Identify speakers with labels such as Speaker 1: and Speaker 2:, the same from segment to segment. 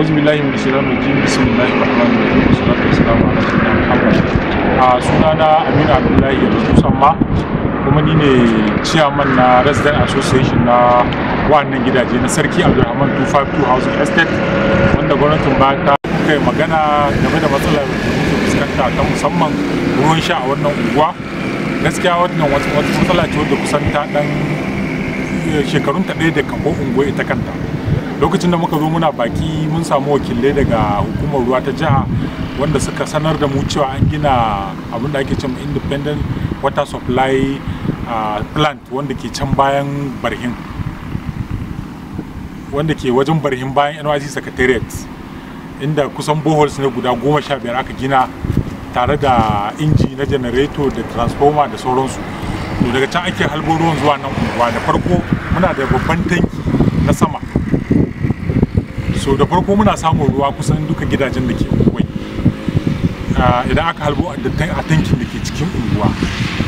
Speaker 1: a'udhu billahi min shaitanir rajim bismillahir rahmanir rahim wassalatu wassalamu ala sayyidina muhammad a sunana Aminu Abdullahi Musamma kuma ni ne chairman na resident association na wannan gidaje na Sarki Abdulrahman 252 Housing Estate wanda gwamnatin ba ta kai magana game da matsalar fuskanta ta musamman ruwan sha a wannan unguwa gaskiya wannan wata matsala ce wadda kusan ta dan eh, shekarun ta ɗaya da kafo unguwa ita kanta lokacin da muka zo muna baki mun samu wakilai daga hukumar ruwa ta jiha wanda suka sanar da mu cewa an gina abin da ake cewa independent water supply plant wanda ke can bayan barhin wanda ke wajen barhin bayan nyc secretariat inda kusan boholes ne guda goma sha biyar aka gina tare da inji na generator da transformer da sauransu to daga can ake halbo ruwan zuwa nan unguwa da farko muna da babban tanki na sama so da farko muna samun ruwa kusan duka gidajen da ke unguwai ah, idan aka halbo a tankin da ke cikin unguwa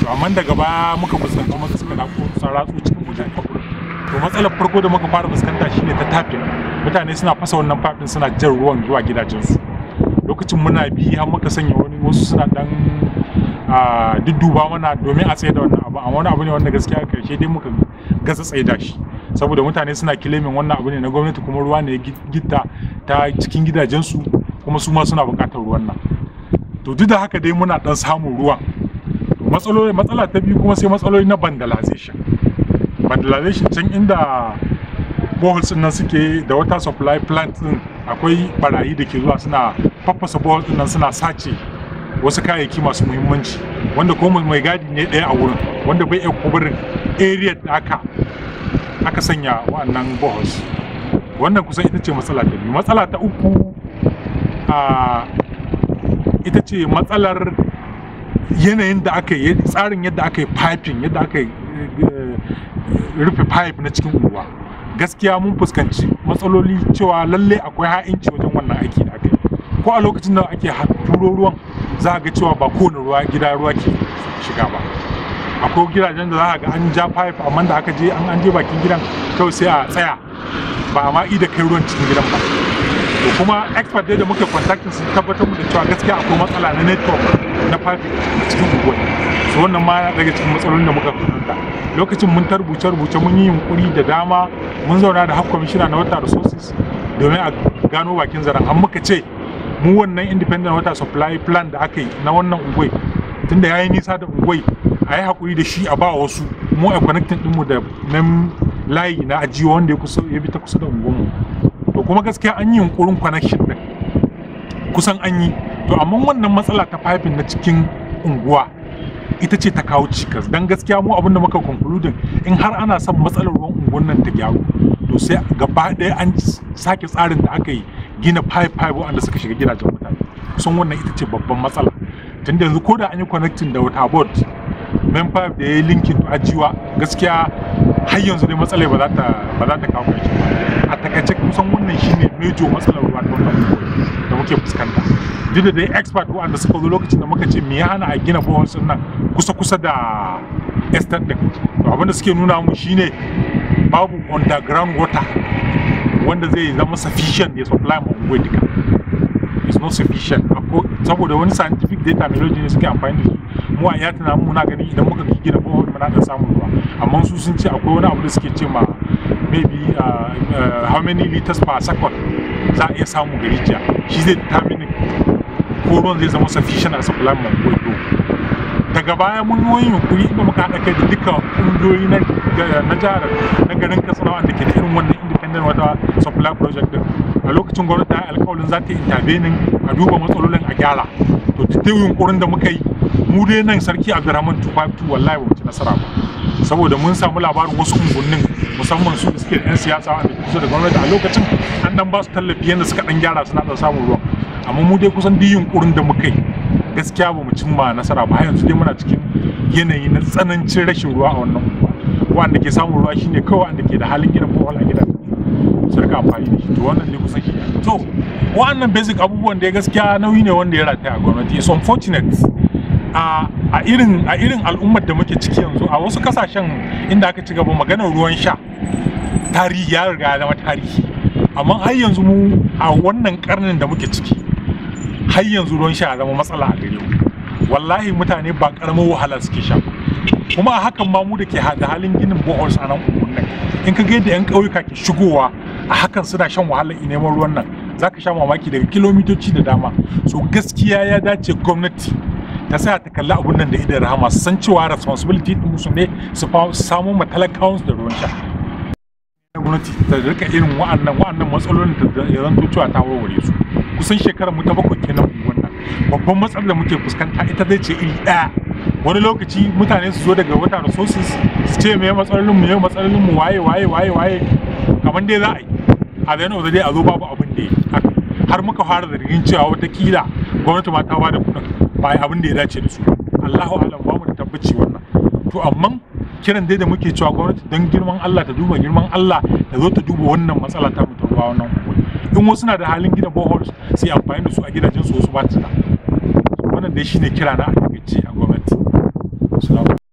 Speaker 1: to amma daga baya muka fuskanta masu suka dako sun ratsu cikin mutane to matsalar farko da muka fara fuskanta shine ta tafin mutane suna fasa wannan fafin suna jan ruwan zuwa gidajensu lokacin muna bi har muka sanya wani wasu suna dan ah, dudduba mana domin a tsaye da wannan abu amma wani abu ne wanda gaskiya karshe dai muka gaza tsaye da shi saboda mutane suna kilimin wannan abu ne na gwamnati kuma ruwa ne gitta ta cikin gidajensu kuma su ma suna buƙatar ruwan nan to duk da haka dai muna dan samun ruwan matsaloli matsala ta biyu kuma sai matsaloli na vandalization vandalization can inda boholes nan suke da water supply plant din akwai barayi da ke zuwa suna faffasa boholes nan suna sace wasu kayayyaki masu muhimmanci wanda ko mai gadi ne daya a wurin wanda bai iya kubarin area da aka aka sanya wa'annan bohos wannan kusan ita ce matsala ta biyu matsala ta uku ita ce matsalar yanayin da aka yi tsarin yadda aka yi piping yadda aka yi eh, rufe pipe na cikin unguwa gaskiya mun fuskanci matsaloli cewa lalle akwai ha'inci wajen wannan aiki da aka yi ko a lokacin da ake turo ruwan za a ga cewa ba kowane ruwa gida ruwa ke shiga ba akwai gidajen da za ga an ja pipe amma da aka je an an je bakin gidan kawai sai a tsaya ba a ma da kai ruwan cikin gidan ba to kuma expert dai da muke contacting su tabbatar da cewa gaskiya akwai matsala na network na pipe cikin unguwar So wannan ma ya daga cikin matsalolin da muka fuskanta lokacin mun ta rubuce rubuce mun yi yunkuri da dama mun zauna da hakkon shirya na water resources domin a gano bakin zaren an muka ce mu wannan independent water supply plan da aka yi na wannan unguwar tunda yi nisa da ungwai a yi haƙuri da shi a ba wasu mu a connecting ɗinmu da nan layi na ajiyo wanda ya kusa ya bi ta kusa da unguwanmu to kuma gaskiya an yi yunkurin connection ɗin kusan an yi to amma wannan matsala ta fafin na cikin unguwa ita ce ta kawo cikas don gaskiya mu abinda muka concluding in har ana son matsalar ruwan unguwan nan ta gyaru to sai gaba ɗaya an sake tsarin da aka yi gina pipe pipe wanda suka shiga gidajen mutane sun wannan ita ce babban matsala tun da ko da an yi connecting da water board main pipe da ya yi linkin a jiwa gaskiya har yanzu dai matsalar ba za ta ba za ta kawo shi a takaice kusan wannan shine major matsalar ruwa ta wannan da muke fuskanta duk da dai expert wanda suka zo lokacin da muka ce me ya hana a gina bohol sun nan kusa kusa da estate din to abinda suke nuna mu shine babu underground water wanda zai zama sufficient ya supply mu unguwa duka not sufficient saboda wani scientific data technology ne suke amfani da su mu a ya tunanin muna gani idan muka da bohol mana da samun ruwa amma su sun ce akwai wani abu da suke ce ma maybe uh, uh, how many liters per second za a iya samu ga rijiya shi zai determine ko ruwan zai zama sufficient a supply man ko daga baya mun yi wani yunkuri inda muka haɗa kai da duka ƙungiyoyi na jihar na garin katsina da ke da irin wannan wannan wata supply project din a lokacin gwamnati ta alkawalin za ta intervening a duba matsalolin a gyara to yi yunkurin da muka yi mu dai nan sarki abdurrahman 252 wallahi ba mu ci nasara ba saboda mun samu labarin wasu ungunnin musamman su da suke yan siyasa a kusa da gwamnati a lokacin an dan ba su tallafi yadda suka dan gyara suna dan samun ruwan amma mu dai kusan duk yunkurin da muka yi gaskiya ba mu ma nasara ba yanzu dai muna cikin yanayi na tsanancin rashin ruwa a wannan wanda ke samun ruwa shine kawai wanda ke da halin gidan ko wala gidan rika amfani da shi to wannan ne kusan to basic abubuwan da gaskiya nauyi ne wanda ya rataya a gwamnati so unfortunate a a irin a irin al'ummar da muke ciki yanzu a wasu kasashen inda aka ci gaba maganar ruwan sha tarihi ya riga ya zama tarihi amma har yanzu mu a wannan karnin da muke ciki har yanzu ruwan sha zama matsala a gare mu wallahi mutane ba karamin wahala suke sha kuma a hakan ma mu da ke da halin ginin boholes a nan in ka ga yadda 'yan ƙauyuka ke shigowa a hakan suna shan wahalar neman ruwan nan za ka sha mamaki daga kilomitoci da dama so gaskiya ya dace gwamnati ta sa ta kalla abun nan da idan rahama su san cewa responsibility din su ne su samu matalakawan da ruwan sha gwamnati ta rika irin wa'annan wa'annan matsalolin da zanto cewa ta warware su kusan shekarar mu ta bakwai kenan wannan babban matsalar da muke fuskanta ita zai ce iri ɗaya wani lokaci mutane su zo daga wata resources su ce me matsalolin mu me matsalolin mu waye waye waye waye kamar dai za a yi a zai da dai a zo babu abin da haka har muka fara da rigin cewa watakila gwamnati ma ta ba da kuɗin ba abin da ya dace da su Allahu alam ba mu da tabbaci wannan to amma kiran dai da muke cewa gwamnati don girman Allah ta duba girman Allah ta zo ta duba wannan matsala ta mutum ba wannan in wasu na da halin gina boholes sai amfani da su a gidajen su wasu ba ta wannan dai shine kira na a a gwamnati